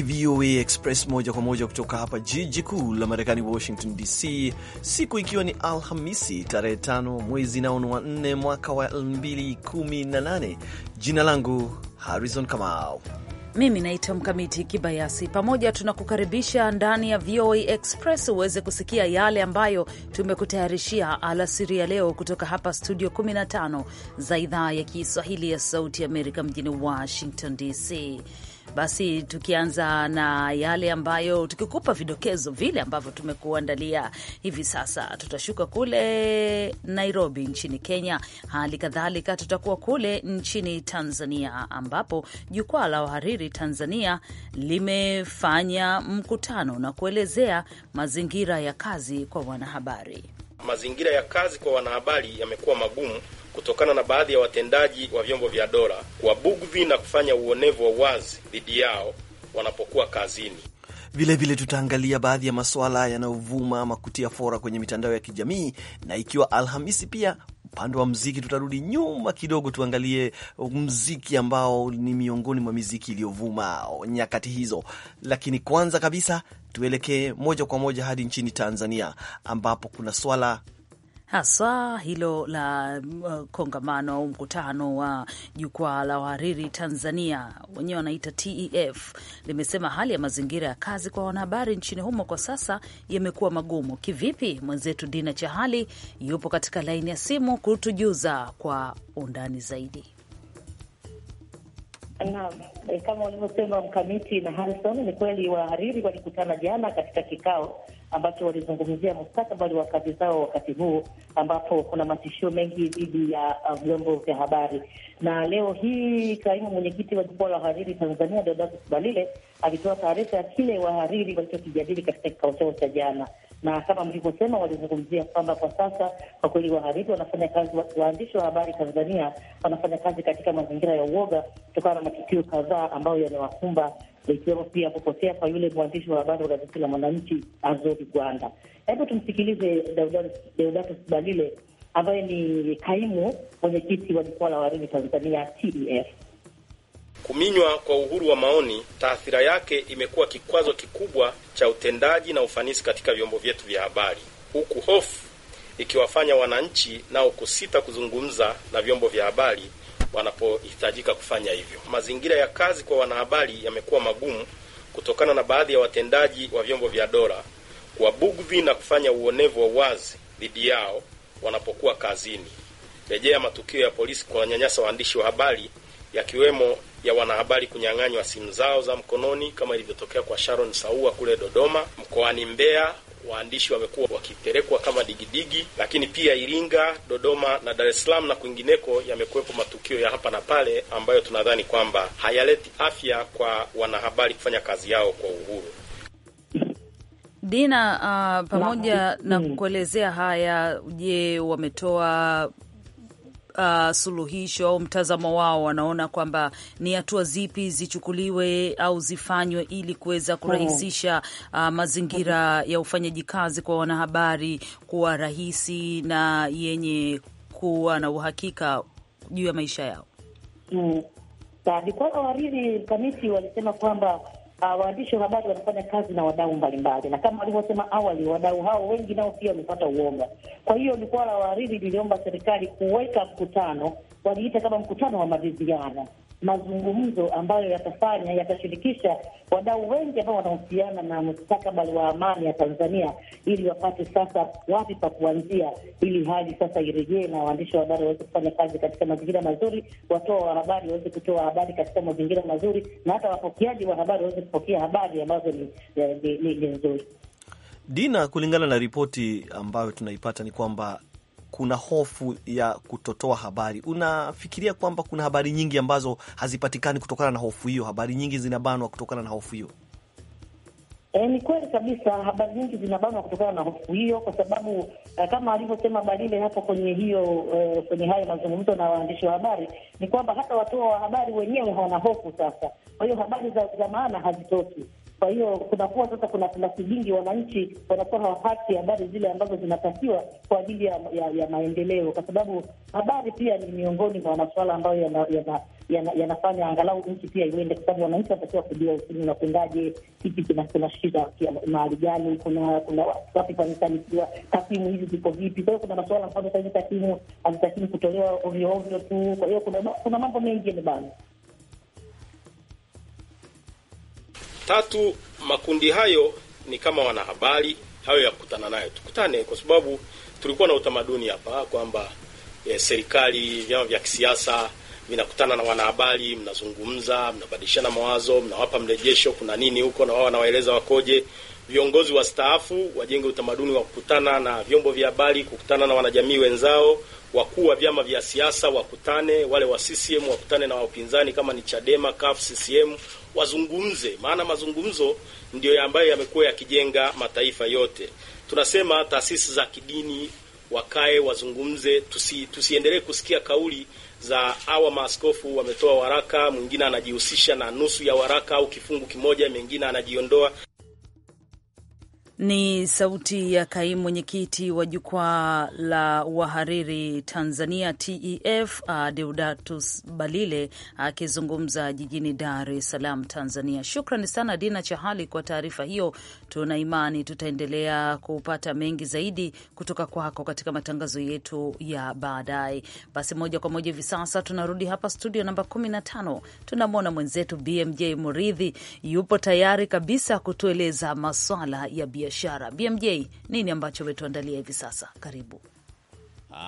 ni VOA Express moja kwa moja kutoka hapa jiji kuu la Marekani, Washington DC, siku ikiwa ni Alhamisi tarehe tano mwezi naon wa nne mwaka wa 2018. Jina langu Harrison Kamau. Mimi naitwa Mkamiti Kibayasi. Pamoja tunakukaribisha ndani ya VOA Express uweze kusikia yale ambayo tumekutayarishia alasiri ya leo kutoka hapa studio 15 za idhaa ya Kiswahili ya Sauti Amerika mjini Washington DC. Basi tukianza na yale ambayo tukikupa vidokezo vile ambavyo tumekuandalia hivi sasa, tutashuka kule Nairobi nchini Kenya, hali kadhalika tutakuwa kule nchini Tanzania, ambapo jukwaa la wahariri Tanzania limefanya mkutano na kuelezea mazingira ya kazi kwa wanahabari. Mazingira ya kazi kwa wanahabari yamekuwa magumu kutokana na baadhi ya watendaji wa vyombo vya dola kuwabugudhi na kufanya uonevu wa wazi dhidi yao wanapokuwa kazini. Vilevile tutaangalia baadhi ya masuala yanayovuma ama kutia fora kwenye mitandao ya kijamii, na ikiwa Alhamisi pia upande wa mziki tutarudi nyuma kidogo, tuangalie mziki ambao ni miongoni mwa miziki iliyovuma nyakati hizo. Lakini kwanza kabisa tuelekee moja kwa moja hadi nchini Tanzania ambapo kuna swala hasa hilo la uh, kongamano au mkutano wa jukwaa la wahariri Tanzania, wenyewe wanaita TEF, limesema hali ya mazingira ya kazi kwa wanahabari nchini humo kwa sasa yamekuwa magumu. Kivipi? Mwenzetu Dina Chahali yupo katika laini ya simu kutujuza kwa undani zaidi. Naam, eh, kama walivyosema Mkamiti na Harison, ni kweli wahariri walikutana jana katika kikao ambacho walizungumzia mustakabali wa kazi zao wakati huu ambapo kuna matishio mengi dhidi ya uh, vyombo vya habari. Na leo hii kaimu mwenyekiti wa jukwaa la wahariri Tanzania, Deodatus Balile alitoa taarifa ya kile wahariri walichokijadili katika kikao chao cha jana, na kama mlivyosema, walizungumzia kwamba kwa sasa kwa kweli wahariri wanafanya kazi, waandishi wa habari Tanzania wanafanya kazi katika mazingira ya uoga kutokana na matukio kadhaa ambayo yanawakumba ikiwemo pia kupotea kwa yule mwandishi wa habari wa gazeti la Mwananchi Azori Gwanda. Hebu tumsikilize Deodatus Balile ambaye ni kaimu mwenyekiti wa jukwaa la wahariri Tanzania TDF. Kuminywa kwa uhuru wa maoni, taathira yake imekuwa kikwazo kikubwa cha utendaji na ufanisi katika vyombo vyetu vya habari, huku hofu ikiwafanya wananchi nao kusita kuzungumza na vyombo vya habari wanapohitajika kufanya hivyo. Mazingira ya kazi kwa wanahabari yamekuwa magumu kutokana na baadhi ya watendaji wa vyombo vya dola wabugvi na kufanya uonevu wa wazi dhidi yao wanapokuwa kazini. Rejea matukio ya polisi kwa wanyanyasa waandishi wa habari, yakiwemo ya wanahabari kunyang'anywa simu zao za mkononi kama ilivyotokea kwa Sharon Saua kule Dodoma, mkoani Mbeya waandishi wamekuwa wakipelekwa kama digidigi, lakini pia Iringa, Dodoma na Dar es Salaam na kwingineko yamekuwepo matukio ya hapa na pale ambayo tunadhani kwamba hayaleti afya kwa wanahabari kufanya kazi yao kwa uhuru. Dina, uh, pamoja na hmm. kuelezea haya, je, wametoa uh, suluhisho au mtazamo wao, wanaona kwamba ni hatua zipi zichukuliwe au zifanywe ili kuweza kurahisisha uh, mazingira ya ufanyaji kazi kwa wanahabari kuwa rahisi na yenye kuwa na uhakika juu ya maisha yao. Mm. Kwa wahariri kamati walisema kwamba uh, waandishi wa habari wanafanya kazi na wadau mbalimbali, na kama walivyosema awali, wadau hao wengi nao pia wamepata uoga. Kwa hiyo jukwaa la wahariri liliomba serikali kuweka mkutano, waliita kama mkutano wa maridhiano, mazungumzo ambayo yatafanya yatashirikisha wadau wengi ambao wanahusiana na mustakabali wa amani ya Tanzania ili wapate sasa wapi pa kuanzia, ili hali sasa irejee na waandishi wa habari waweze kufanya kazi katika mazingira mazuri, watoa wa habari waweze kutoa habari katika mazingira mazuri, na hata wapokeaji wa habari waweze kupokea habari ambazo ni, ni, ni, ni nzuri. Dina, kulingana na ripoti ambayo tunaipata ni kwamba kuna hofu ya kutotoa habari. Unafikiria kwamba kuna habari nyingi ambazo hazipatikani kutokana na hofu hiyo? Habari nyingi zinabanwa kutokana na hofu hiyo? E, ni kweli kabisa, habari nyingi zinabanwa kutokana na hofu hiyo, kwa sababu eh, kama alivyosema barile hapo kwenye hiyo eh, kwenye hayo mazungumzo na waandishi wa habari ni kwamba hata watoa wa habari wenyewe hawana hofu sasa. Kwa hiyo habari za, za maana hazitoki kwa hiyo kunakuwa sasa kuna filasi nyingi, wananchi wanakuwa hawapati habari zile ambazo zinatakiwa kwa ajili ya, ya, ya maendeleo, kwa sababu habari pia ni miongoni mwa masuala ambayo yanafanya yana, yana, yana angalau nchi pia iende, kwa sababu wananchi wanatakiwa kujua uchumi unakwendaje, hiki kuna shida mahali gani, kuna kuna wapi pamefanikiwa, takwimu hizi ziko vipi. Kwa hiyo kuna masuala ambayo sahizi takwimu hazitakii kutolewa ovyoovyo tu. Kwa hiyo kuna, kuna mambo mengi yamebana Tatu, makundi hayo ni kama wanahabari, hayo ya kukutana nayo tukutane, kwa sababu tulikuwa na utamaduni hapa kwamba e, serikali, vyama vya kisiasa vinakutana na wanahabari, mnazungumza, mnabadilishana mawazo, mnawapa mrejesho, kuna nini huko, na wao wanawaeleza wakoje viongozi wa staafu wajenge utamaduni wa kukutana na vyombo vya habari, kukutana na wanajamii wenzao, wakuu wa vyama vya siasa wakutane, wale wa CCM wakutane na wapinzani kama ni Chadema, CUF, CCM wazungumze, maana mazungumzo ndiyo ambayo yamekuwa yakijenga mataifa yote. Tunasema taasisi za kidini wakae wazungumze, tusi, tusiendelee kusikia kauli za hawa maaskofu wametoa waraka, mwingine anajihusisha na nusu ya waraka au kifungu kimoja, mwingine anajiondoa. Ni sauti ya kaimu mwenyekiti wa jukwaa la wahariri Tanzania TEF uh, Balile akizungumza uh, jijini Dar es Salaam, Tanzania. Shukrani sana Dina Chahali kwa taarifa hiyo. Tuna imani tutaendelea kupata mengi zaidi kutoka kwako katika matangazo yetu ya baadaye. Basi moja kwa moja hivi sasa tunarudi hapa studio namba 15, tunamwona mwenzetu BMJ Muridhi yupo tayari kabisa kutueleza maswala ya biashara. BMJ, nini ambacho umetuandalia hivi sasa? Karibu.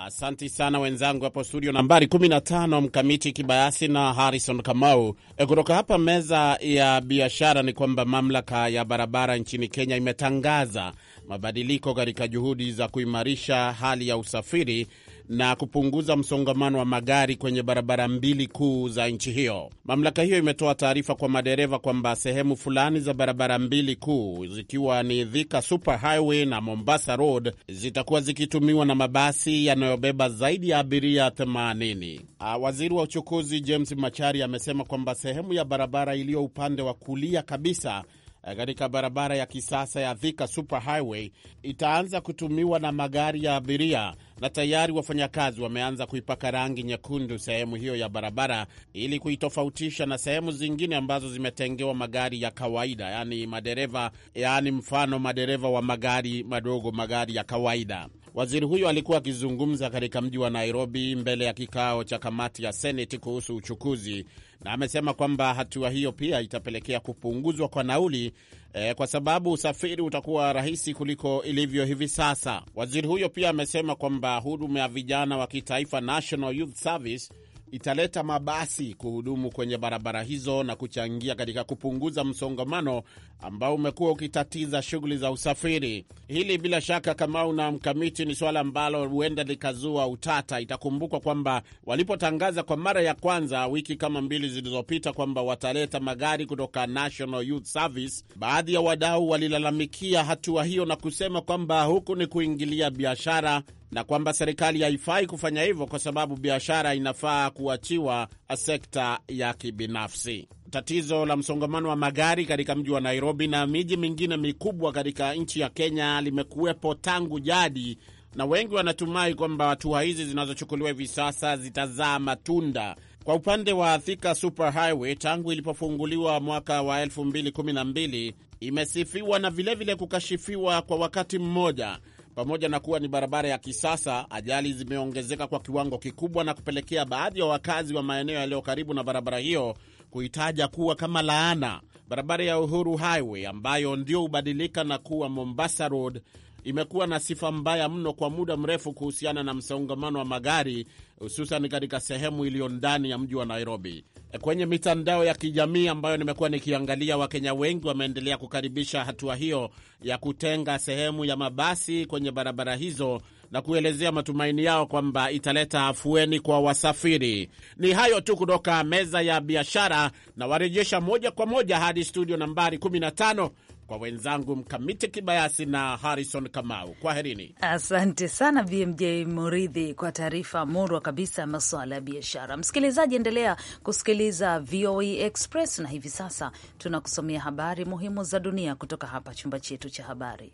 Asanti sana wenzangu hapo studio nambari 15, Mkamiti Kibayasi na Harrison Kamau. Eh, kutoka hapa meza ya biashara ni kwamba mamlaka ya barabara nchini Kenya imetangaza mabadiliko katika juhudi za kuimarisha hali ya usafiri na kupunguza msongamano wa magari kwenye barabara mbili kuu za nchi hiyo. Mamlaka hiyo imetoa taarifa kwa madereva kwamba sehemu fulani za barabara mbili kuu zikiwa ni Thika Super Highway na Mombasa Road zitakuwa zikitumiwa na mabasi yanayobeba zaidi ya abiria 80. Waziri wa uchukuzi James machari amesema kwamba sehemu ya barabara iliyo upande wa kulia kabisa Eh, katika barabara ya kisasa ya Thika Highway itaanza kutumiwa na magari ya abiria, na tayari wafanyakazi wameanza kuipaka rangi nyekundu sehemu hiyo ya barabara ili kuitofautisha na sehemu zingine ambazo zimetengewa magari ya kawaida, yani madereva, yani mfano madereva wa magari madogo, magari ya kawaida. Waziri huyo alikuwa akizungumza katika mji wa Nairobi mbele ya kikao cha kamati ya Seneti kuhusu uchukuzi na amesema kwamba hatua hiyo pia itapelekea kupunguzwa kwa nauli eh, kwa sababu usafiri utakuwa rahisi kuliko ilivyo hivi sasa. Waziri huyo pia amesema kwamba huduma ya vijana wa kitaifa National Youth Service italeta mabasi kuhudumu kwenye barabara hizo na kuchangia katika kupunguza msongamano ambao umekuwa ukitatiza shughuli za usafiri. Hili bila shaka, kama una mkamiti, ni swala ambalo huenda likazua utata. Itakumbukwa kwamba walipotangaza kwa mara ya kwanza wiki kama mbili zilizopita kwamba wataleta magari kutoka National Youth Service, baadhi ya wadau walilalamikia hatua hiyo na kusema kwamba huku ni kuingilia biashara na kwamba serikali haifai kufanya hivyo kwa sababu biashara inafaa kuachiwa sekta ya kibinafsi tatizo la msongamano wa magari katika mji wa Nairobi na miji mingine mikubwa katika nchi ya Kenya limekuwepo tangu jadi, na wengi wanatumai kwamba hatua hizi zinazochukuliwa hivi sasa zitazaa matunda. Kwa upande wa Thika Superhighway, tangu ilipofunguliwa mwaka wa 2012 imesifiwa na vilevile vile kukashifiwa kwa wakati mmoja. Pamoja na kuwa ni barabara ya kisasa, ajali zimeongezeka kwa kiwango kikubwa na kupelekea baadhi ya wakazi wa maeneo yaliyo karibu na barabara hiyo kuitaja kuwa kama laana. Barabara ya Uhuru Highway ambayo ndio hubadilika na kuwa Mombasa Road imekuwa na sifa mbaya mno kwa muda mrefu kuhusiana na msongamano wa magari hususan katika sehemu iliyo ndani ya mji wa Nairobi. Kwenye mitandao ya kijamii ambayo nimekuwa nikiangalia, Wakenya wengi wameendelea kukaribisha hatua hiyo ya kutenga sehemu ya mabasi kwenye barabara hizo na kuelezea matumaini yao kwamba italeta afueni kwa wasafiri. Ni hayo tu kutoka meza ya biashara, na warejesha moja kwa moja hadi studio nambari 15 kwa wenzangu Mkamiti Kibayasi na Harrison Kamau. Kwaherini. Asante sana BMJ Muridhi kwa taarifa murwa kabisa ya masuala ya biashara. Msikilizaji, endelea kusikiliza VOA e Express na hivi sasa tunakusomea habari muhimu za dunia kutoka hapa chumba chetu cha habari.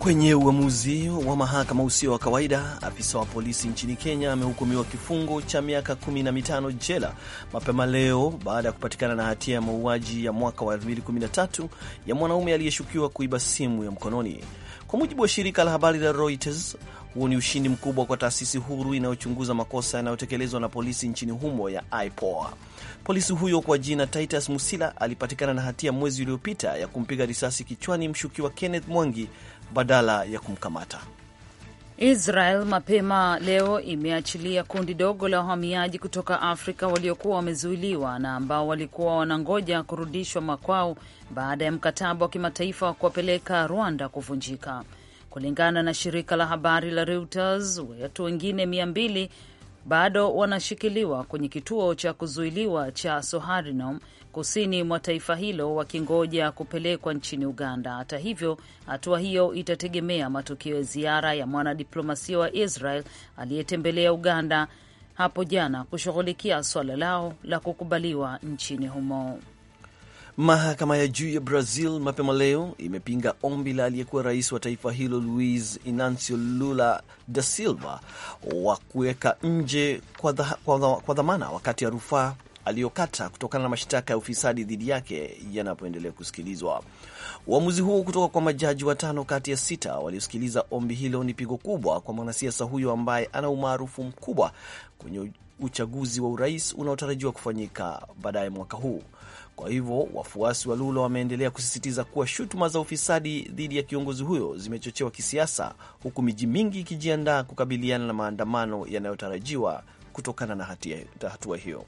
Kwenye uamuzi wa mahakama usio wa kawaida, afisa wa polisi nchini Kenya amehukumiwa kifungo cha miaka kumi na mitano jela mapema leo baada ya kupatikana na hatia ya mauaji ya mwaka wa 2013 ya mwanaume aliyeshukiwa kuiba simu ya mkononi. Kwa mujibu wa shirika la habari la Reuters, huu ni ushindi mkubwa kwa taasisi huru inayochunguza makosa yanayotekelezwa na polisi nchini humo ya IPOA. Polisi huyo kwa jina Titus Musila alipatikana na hatia mwezi uliopita ya kumpiga risasi kichwani mshukiwa Kenneth Mwangi badala ya kumkamata. Israel mapema leo imeachilia kundi dogo la wahamiaji kutoka Afrika waliokuwa wamezuiliwa na ambao walikuwa wanangoja kurudishwa makwao baada ya mkataba wa kimataifa wa kuwapeleka Rwanda kuvunjika. Kulingana na shirika la habari la Reuters, watu wengine mia mbili bado wanashikiliwa kwenye kituo cha kuzuiliwa cha Soharinom kusini mwa taifa hilo wakingoja kupelekwa nchini Uganda. Hata hivyo, hatua hiyo itategemea matokeo ya ziara ya mwanadiplomasia wa Israel aliyetembelea Uganda hapo jana kushughulikia suala lao la kukubaliwa nchini humo. Mahakama ya juu ya Brazil mapema leo imepinga ombi la aliyekuwa rais wa taifa hilo Luiz Inancio Lula da Silva wa kuweka nje kwa, dha, kwa, dha, kwa dhamana wakati ya rufaa aliyokata kutokana na mashtaka ya ufisadi dhidi yake yanapoendelea kusikilizwa. Uamuzi huo kutoka kwa majaji watano kati ya sita waliosikiliza ombi hilo ni pigo kubwa kwa mwanasiasa huyo ambaye ana umaarufu mkubwa kwenye uchaguzi wa urais unaotarajiwa kufanyika baadaye mwaka huu. Kwa hivyo wafuasi wa Lula wameendelea kusisitiza kuwa shutuma za ufisadi dhidi ya kiongozi huyo zimechochewa kisiasa, huku miji mingi ikijiandaa kukabiliana na maandamano yanayotarajiwa kutokana na hatua hiyo.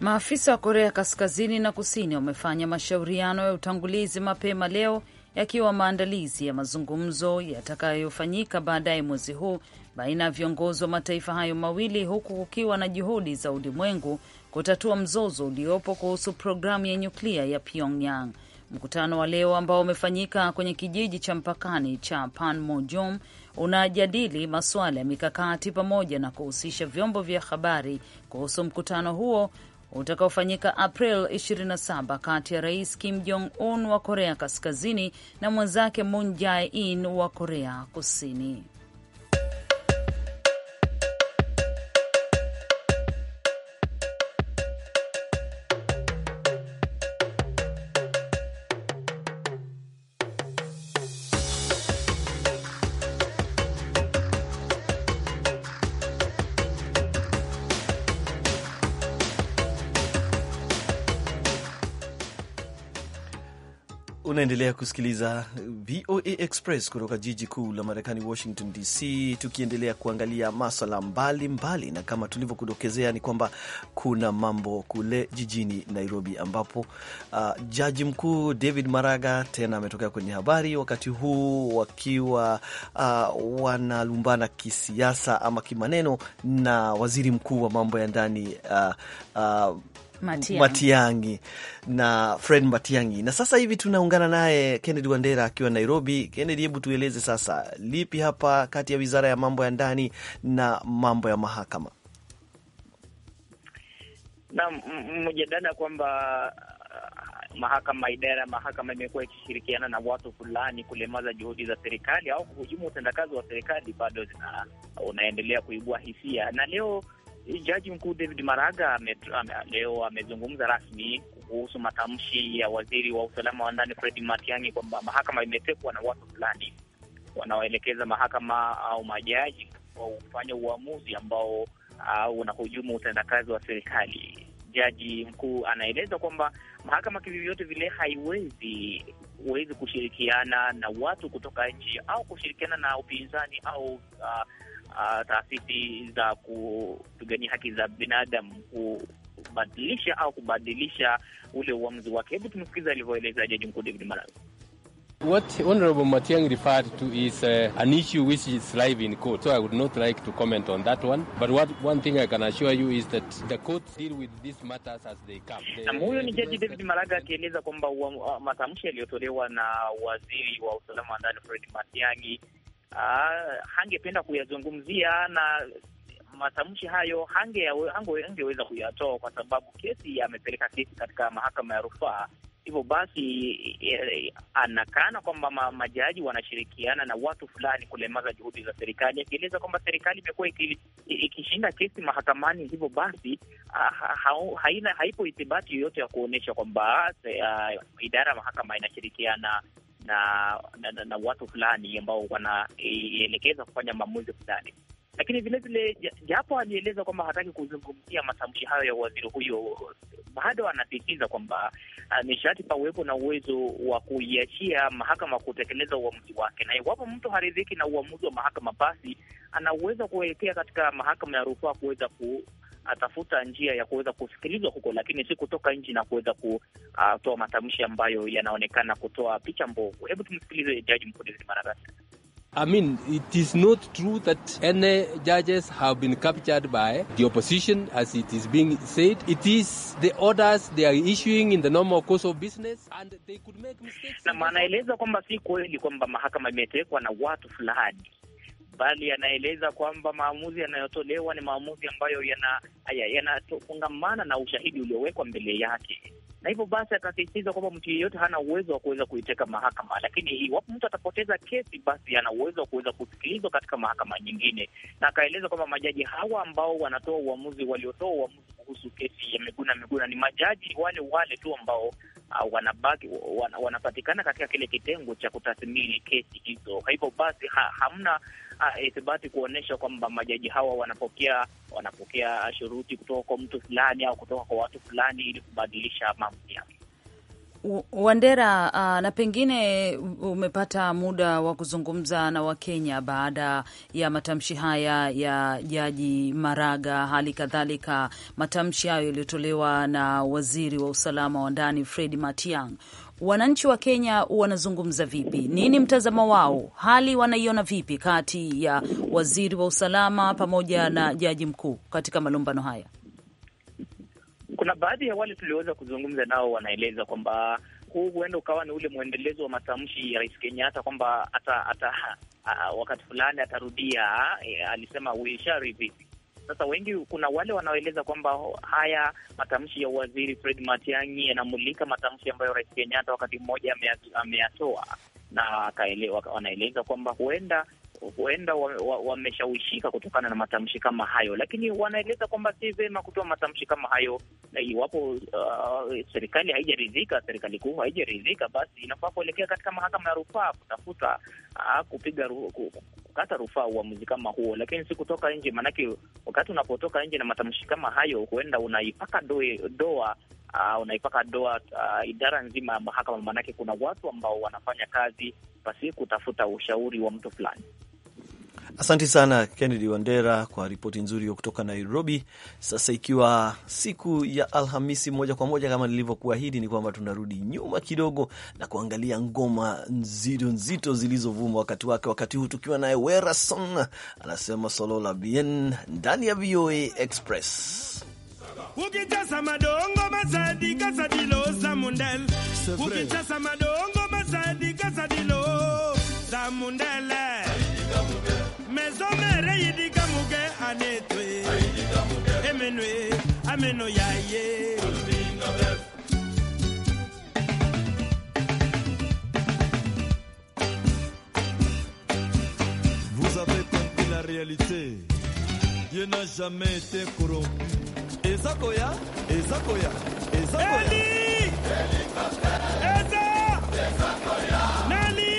Maafisa wa Korea Kaskazini na Kusini wamefanya mashauriano ya utangulizi mapema leo yakiwa maandalizi ya mazungumzo yatakayofanyika baadaye mwezi huu baina ya viongozi wa mataifa hayo mawili huku kukiwa na juhudi za ulimwengu kutatua mzozo uliopo kuhusu programu ya nyuklia ya Pyongyang. Mkutano wa leo ambao umefanyika kwenye kijiji cha mpakani cha Panmunjom unajadili masuala ya mikakati pamoja na kuhusisha vyombo vya habari kuhusu mkutano huo utakaofanyika April 27 kati ya Rais Kim Jong Un wa Korea Kaskazini na mwenzake Moon Jae-in wa Korea Kusini. Unaendelea kusikiliza VOA Express kutoka jiji kuu la Marekani, Washington DC, tukiendelea kuangalia maswala mbalimbali, na kama tulivyokudokezea ni kwamba kuna mambo kule jijini Nairobi ambapo uh, jaji mkuu David Maraga tena ametokea kwenye habari wakati huu wakiwa uh, wanalumbana kisiasa ama kimaneno na waziri mkuu wa mambo ya ndani uh, uh, Matiangi. Matiangi na Fred Matiangi, na sasa hivi tunaungana naye Kennedy Wandera akiwa Nairobi. Kennedy, hebu tueleze sasa, lipi hapa kati ya wizara ya mambo ya ndani na mambo ya mahakama? Na mjadala kwamba uh, mahakama idara mahakama imekuwa ikishirikiana na watu fulani kulemaza juhudi za serikali au kuhujumu utendakazi wa serikali bado zina unaendelea kuibua hisia, na leo Jaji mkuu David Maraga ame, ame, leo amezungumza rasmi kuhusu matamshi ya waziri wa usalama wa ndani Fred Matiang'i kwamba mahakama imetekwa na watu fulani wanaoelekeza mahakama au majaji kwa kufanya uamuzi ambao uh, unahujumu utendakazi wa serikali. Jaji mkuu anaeleza kwamba mahakama kivivyote vile haiwezi huwezi kushirikiana na watu kutoka nje au kushirikiana na upinzani au uh, uh, taasisi za kupigania haki za binadamu kubadilisha au kubadilisha ule uamuzi wake. Hebu tumsikiliza alivyoeleza jaji mkuu David Maraga. What Honorable Matiang referred to is uh, an issue which is live in court. So I would not like to comment on that one. But what, one thing I can assure you is that the deal with these matters as they come. Na huyo ni Jaji David Maraga akieleza kwamba uh, matamshi yaliyotolewa na waziri wa usalama wa ndani Fred Matiang'i uh, hangependa kuyazungumzia na matamshi hayo hangeweza kuyatoa kwa sababu kesi amepeleka kesi katika mahakama ya rufaa. Hivyo basi e, e, anakana kwamba ma, majaji wanashirikiana na watu fulani kulemaza juhudi za serikali, akieleza kwamba serikali imekuwa ikishinda kesi mahakamani. Hivyo basi ha, ha, haina haipo ithibati yoyote ya kuonyesha kwamba idara ya mahakama inashirikiana na, na, na, na watu fulani ambao wanaelekeza kufanya maamuzi fulani lakini vilevile japo alieleza kwamba hataki kuzungumzia matamshi hayo ya waziri huyo, bado anasisitiza kwamba ah, ni sharti pawepo na uwezo wa kuiachia mahakama kutekeleza uamuzi wake, na iwapo mtu haridhiki na uamuzi wa mahakama, basi anaweza kuelekea katika mahakama ya rufaa kuweza atafuta njia ya kuweza kusikilizwa huko, lakini si kutoka nje na kuweza ah, kutoa matamshi ambayo yanaonekana kutoa picha mbovu. Hebu tumsikilize Jaji Mkuu David Maraga. I mean, it is not true that any judges have been captured by the opposition, as it is being said. It is the orders they are issuing in the normal course of business and they could make mistakes. Na maana eleza kwamba si kweli kwamba mahakama imetekwa na watu fulani bali anaeleza kwamba maamuzi yanayotolewa ni maamuzi ambayo yanafungamana yana na ushahidi uliowekwa mbele yake, na hivyo basi akasisitiza kwamba mtu yeyote hana uwezo wa kuweza kuiteka mahakama, lakini iwapo mtu atapoteza kesi, basi ana uwezo wa kuweza kusikilizwa katika mahakama nyingine. Na akaeleza kwamba majaji hawa ambao wanatoa uamuzi, waliotoa uamuzi kuhusu kesi ya Miguna Miguna ni majaji wale wale tu ambao uh, wanabaki wanapatikana katika kile kitengo cha kutathmini kesi hizo. Kwa hivyo basi ha, hamna Ah, ithibati kuonyesha kwamba majaji hawa wanapokea wanapokea shuruti kutoka kwa mtu fulani au kutoka kwa watu fulani ili kubadilisha maamuzi yake. Wandera, uh, na pengine umepata muda wa kuzungumza na Wakenya baada ya matamshi haya ya Jaji Maraga, hali kadhalika matamshi hayo yaliyotolewa na waziri wa usalama wa ndani Fred Matiang'i wananchi wa Kenya wanazungumza vipi? Nini mtazamo wao? Hali wanaiona vipi kati ya waziri wa usalama pamoja na jaji mkuu katika malumbano haya? Kuna baadhi ya wale tulioweza kuzungumza nao wanaeleza kwamba huu huenda ukawa ni ule mwendelezo wa matamshi ya Rais Kenyatta kwamba ata, ata, wakati fulani atarudia. Eh, alisema uisharidhi sasa wengi, kuna wale wanaoeleza kwamba haya matamshi ya waziri Fred Matiang'i yanamulika matamshi ambayo rais Kenyatta wakati mmoja ameyatoa na wanaeleza kwamba huenda huenda wameshawishika wa, wa kutokana na matamshi kama hayo, lakini wanaeleza kwamba si vema kutoa matamshi kama hayo, na iwapo uh, serikali haijaridhika, serikali kuu haijaridhika, basi inafaa kuelekea katika mahakama ya rufaa kutafuta uh, kupiga ru, kukata rufaa uamuzi kama huo, lakini si kutoka nje, maanake wakati unapotoka nje na matamshi kama hayo, huenda unaipaka doe, doa Uh, unaipaka doa uh, idara nzima ya mahakama, maanake kuna watu ambao wanafanya kazi pasi kutafuta ushauri wa mtu fulani. Asante sana Kennedy Wandera kwa ripoti nzuri hiyo kutoka Nairobi. Sasa ikiwa siku ya Alhamisi, moja kwa moja kama nilivyokuahidi, ni kwamba tunarudi nyuma kidogo na kuangalia ngoma nzito nzito zilizovuma wakati wake, wakati huu tukiwa naye werason anasema solo la bien ndani ya VOA Express. Ukitazama dongo mazadi kasadilo samundel ukitazama dongo Vous avez compris la réalité Dieu n'a jamais été corrompu Ezakoya Ezakoya Ezakoya et Nali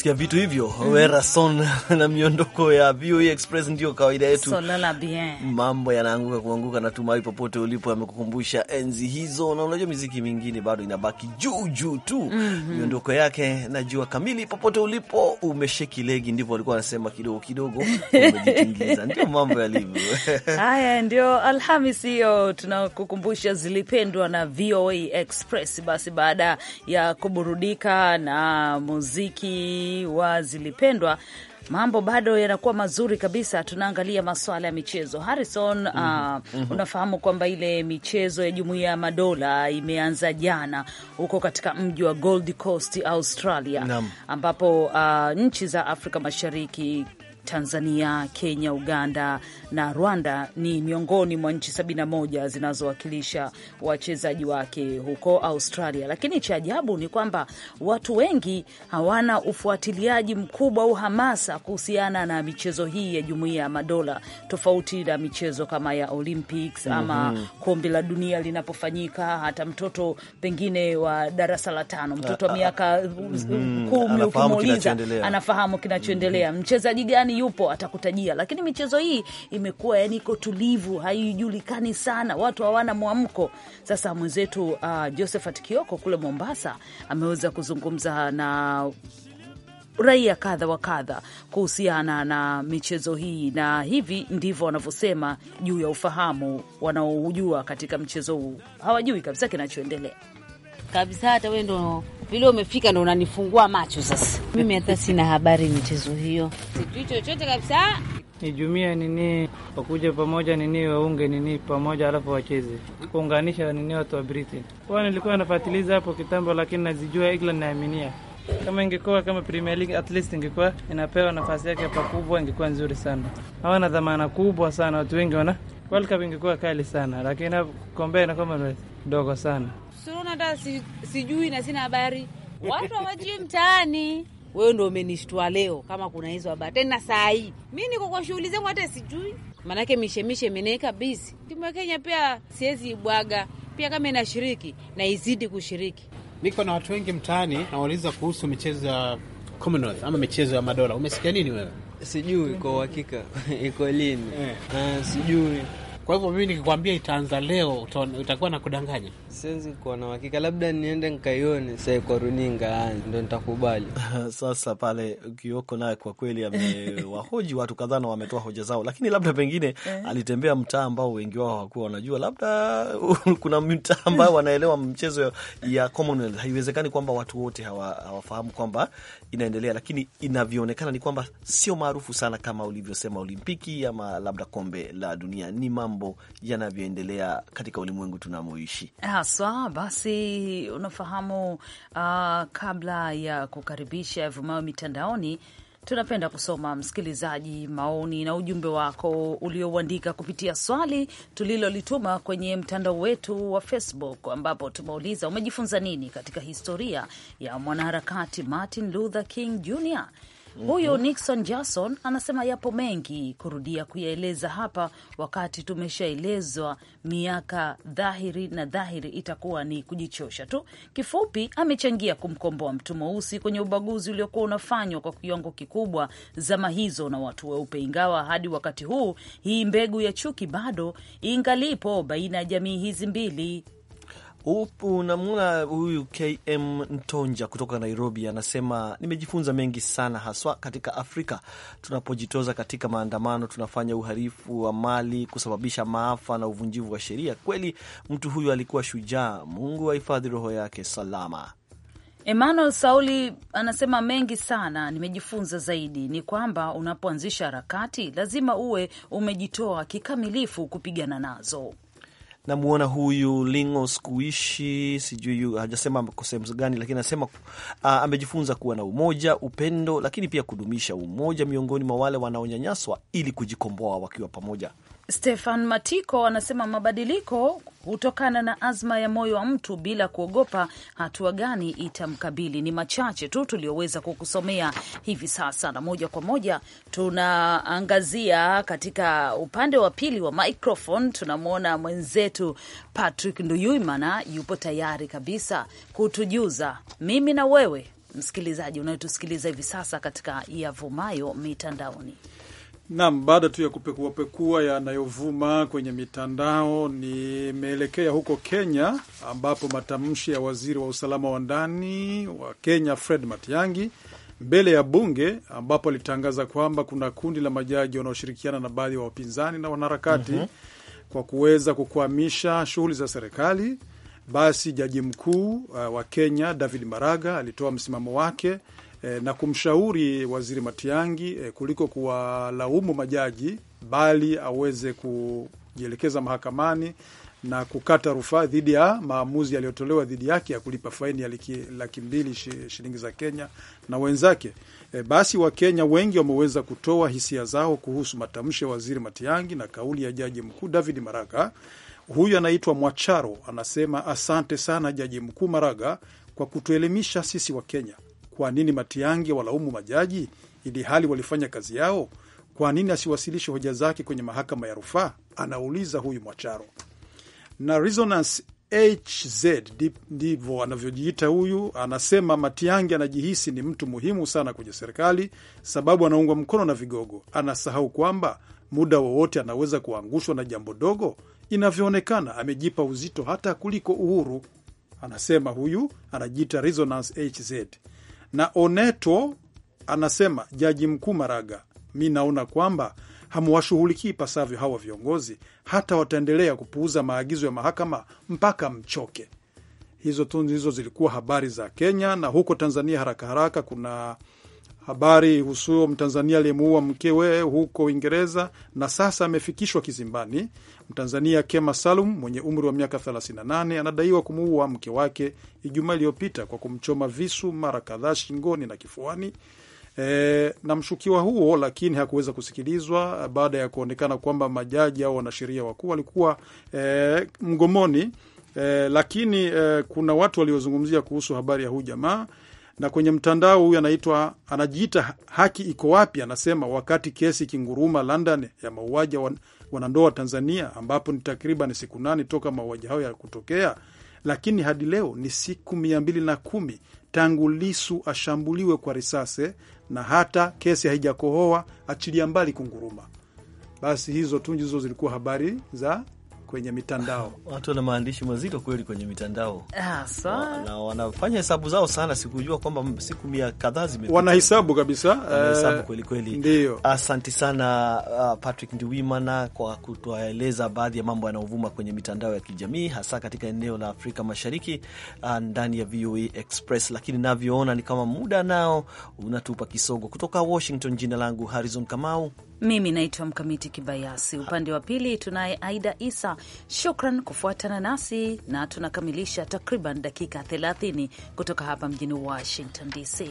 kusikia vitu hivyo mm. wera son na miondoko ya VOA e Express ndio kawaida yetu, mambo yanaanguka kuanguka. Natumai popote ulipo amekukumbusha enzi hizo, na unajua miziki mingine bado inabaki juu juu tu mm -hmm. miondoko yake na jua kamili. Popote ulipo umesheki legi, ndivyo walikuwa wanasema, kidogo kidogo umejitingiza ndio mambo yalivyo. Haya ndio Alhamis hiyo tunakukumbusha zilipendwa na VOA e Express. Basi baada ya kuburudika na muziki wa Zilipendwa, mambo bado yanakuwa mazuri kabisa. Tunaangalia masuala ya michezo Harrison. mm -hmm. Uh, Unafahamu kwamba ile michezo ya Jumuiya ya Madola imeanza jana huko katika mji wa Gold Coast, Australia, ambapo uh, nchi za Afrika Mashariki Tanzania, Kenya, Uganda na Rwanda ni miongoni mwa nchi 71 zinazowakilisha wachezaji wake huko Australia. Lakini cha ajabu ni kwamba watu wengi hawana ufuatiliaji mkubwa au hamasa kuhusiana na michezo hii ya Jumuiya ya Madola, tofauti na michezo kama ya Olympics ama mm -hmm. kombe la dunia linapofanyika. Hata mtoto pengine wa darasa la tano, mtoto wa miaka mhm. kumi, ukimuuliza anafahamu kinachoendelea, mhm. mchezaji gani yupo atakutajia, lakini michezo hii imekuwa yani iko tulivu, haijulikani sana, watu hawana mwamko. Sasa mwenzetu uh, Josephat Kioko kule Mombasa ameweza kuzungumza na raia kadha wa kadha kuhusiana na michezo hii, na hivi ndivyo wanavyosema juu ya ufahamu wanaoujua katika mchezo huu. Hawajui kabisa kinachoendelea kabisa, hata wewe ndo wapi? Leo umefika ndo unanifungua macho sasa. Mimi hata sina habari michezo hiyo, sijui chochote kabisa. Ni jumia nini wakuja pamoja nini waunge nini pamoja, alafu wacheze kuunganisha nini watu wa Britain. Kwa nilikuwa nafatiliza hapo kitambo, lakini nazijua England naaminia kama ingekuwa kama Premier League at least ingekuwa inapewa nafasi yake pakubwa, ingekuwa nzuri sana. Hawana dhamana kubwa sana, watu wengi wana World Cup ingekuwa kali sana, lakini kombe inakuwa dogo sana maana hata si, sijui na sina habari. Watu hawajui mtaani. Wewe ndo umenishtua leo kama kuna hizo habari tena. Saa hii mi niko kwa shughuli zangu, hata sijui maanake mishemishe imeneka bizi. Timu ya Kenya pia siwezi ibwaga, pia kama inashiriki na izidi kushiriki. Niko na watu wengi mtaani, nawauliza kuhusu michezo ya Commonwealth ama michezo ya madola. Umesikia nini wewe? Sijui kwa uhakika iko lini, yeah. Eh. Uh, sijui kwa hivyo mimi nikikwambia itaanza leo utakuwa na kudanganya. Siwezi kuwa na uhakika, labda niende nkaione sai kwa runinga yaani, ndo nitakubali. Sasa pale Kioko naye kwa kweli amewahoji watu kadhaa na wametoa hoja zao, lakini labda pengine eh. alitembea mtaa ambao wengi wao hawakuwa wanajua, labda uh, kuna mtaa ambayo wanaelewa mchezo ya Commonwealth. Haiwezekani kwamba watu wote hawafahamu kwamba inaendelea, lakini inavyoonekana ni kwamba sio maarufu sana kama ulivyosema Olimpiki ama labda kombe la dunia ni mambo mambo yanavyoendelea katika ulimwengu tunamoishi haswa. Basi unafahamu, uh, kabla ya kukaribisha yavumayo mitandaoni tunapenda kusoma msikilizaji, maoni na ujumbe wako uliouandika kupitia swali tulilolituma kwenye mtandao wetu wa Facebook, ambapo tumeuliza umejifunza nini katika historia ya mwanaharakati Martin Luther King Jr. Huyu Nixon Jason anasema yapo mengi kurudia kuyaeleza hapa, wakati tumeshaelezwa miaka dhahiri na dhahiri, itakuwa ni kujichosha tu. Kifupi, amechangia kumkomboa mtu mweusi kwenye ubaguzi uliokuwa unafanywa kwa kiwango kikubwa zama hizo na watu weupe, ingawa hadi wakati huu hii mbegu ya chuki bado ingalipo baina ya jamii hizi mbili. Unamwona huyu KM Ntonja kutoka Nairobi anasema, nimejifunza mengi sana, haswa katika Afrika tunapojitoza katika maandamano, tunafanya uharifu wa mali, kusababisha maafa na uvunjivu wa sheria. Kweli mtu huyu alikuwa shujaa. Mungu ahifadhi roho yake salama. Emmanuel Sauli anasema mengi sana nimejifunza. Zaidi ni kwamba unapoanzisha harakati lazima uwe umejitoa kikamilifu kupigana nazo. Namwona huyu Lingo Skuishi, sijui hajasema kwa sehemu gani, lakini anasema uh, amejifunza kuwa na umoja, upendo, lakini pia kudumisha umoja miongoni mwa wale wanaonyanyaswa ili kujikomboa wakiwa pamoja. Stefan Matiko anasema mabadiliko hutokana na azma ya moyo wa mtu bila kuogopa hatua gani itamkabili. Ni machache tu tulioweza kukusomea hivi sasa, na moja kwa moja tunaangazia katika upande wa pili wa microphone. Tunamwona mwenzetu Patrick Nduyuimana yupo tayari kabisa kutujuza mimi na wewe msikilizaji unayetusikiliza hivi sasa katika yavumayo mitandaoni. Naam, baada tu ya kupekuapekua yanayovuma kwenye mitandao, nimeelekea huko Kenya ambapo matamshi ya waziri wa usalama wa ndani wa Kenya Fred Matiang'i mbele ya bunge ambapo alitangaza kwamba kuna kundi la majaji wanaoshirikiana na baadhi ya wa wapinzani na wanaharakati mm -hmm. kwa kuweza kukwamisha shughuli za serikali. Basi jaji mkuu uh, wa Kenya David Maraga alitoa msimamo wake e, na kumshauri waziri Matiangi e, kuliko kuwalaumu majaji, bali aweze kujielekeza mahakamani na kukata rufaa dhidi ya maamuzi yaliyotolewa dhidi yake ya kulipa faini ya laki mbili shilingi za Kenya na wenzake. E, basi Wakenya wengi wameweza kutoa hisia zao kuhusu matamshi ya waziri Matiangi na kauli ya jaji mkuu David Maraga. Huyu anaitwa Mwacharo, anasema asante sana Jaji Mkuu Maraga kwa kutuelimisha sisi Wakenya. Kwa nini Matiang'i walaumu majaji ili hali walifanya kazi yao? Kwa nini asiwasilishe hoja zake kwenye mahakama ya rufaa? Anauliza huyu Mwacharo. Na Resonance HZ ndivyo anavyojiita huyu, anasema Matiang'i anajihisi ni mtu muhimu sana kwenye serikali, sababu anaungwa mkono na vigogo. Anasahau kwamba muda wowote anaweza kuangushwa na jambo dogo. Inavyoonekana amejipa uzito hata kuliko Uhuru, anasema huyu, anajiita Resonance HZ na Oneto anasema jaji mkuu Maraga, mi naona kwamba hamwashughulikii ipasavyo hawa viongozi, hata wataendelea kupuuza maagizo ya mahakama mpaka mchoke. Hizo tu ndizo zilikuwa habari za Kenya, na huko Tanzania haraka haraka kuna habari husu Mtanzania aliyemuua mkewe huko Uingereza na sasa amefikishwa kizimbani. Mtanzania Kema Salum mwenye umri wa miaka 38 anadaiwa kumuua mke wake Ijumaa iliyopita kwa kumchoma visu mara kadhaa shingoni na kifuani. E, na mshukiwa huo lakini hakuweza kusikilizwa baada ya kuonekana kwamba majaji au wanasheria wakuu walikuwa e, mgomoni. E, lakini e, kuna watu waliozungumzia kuhusu habari ya huyu jamaa na kwenye mtandao huyu anaitwa anajiita haki iko wapi, anasema wakati kesi kinguruma London ya mauaji wan, wanandoa wa Tanzania ambapo ni takriban siku nane toka mauaji hayo ya kutokea, lakini hadi leo ni siku mia mbili na kumi tangu Lisu ashambuliwe kwa risase na hata kesi haijakohoa, achilia mbali kunguruma. Basi hizo tu ndizo zilikuwa habari za kwenye mitandao. Watu wana maandishi mazito kweli kwenye mitandao hasa, na wanafanya hesabu zao sana. Sikujua kwamba siku mia kadhaa zimepita, wanahesabu kabisa, wanahesabu eh, kweli kweli. Ndio, asanti sana uh, Patrick Ndiwimana kwa kutueleza baadhi ya mambo yanayovuma kwenye mitandao ya kijamii hasa katika eneo la Afrika Mashariki uh, ndani ya VOA e Express. Lakini navyoona ni kama muda nao unatupa kisogo. Kutoka Washington, jina langu Harrison Kamau. Mimi naitwa Mkamiti Kibayasi, upande wa pili tunaye Aida Isa. Shukran kufuatana nasi na tunakamilisha takriban dakika 30 kutoka hapa mjini Washington DC.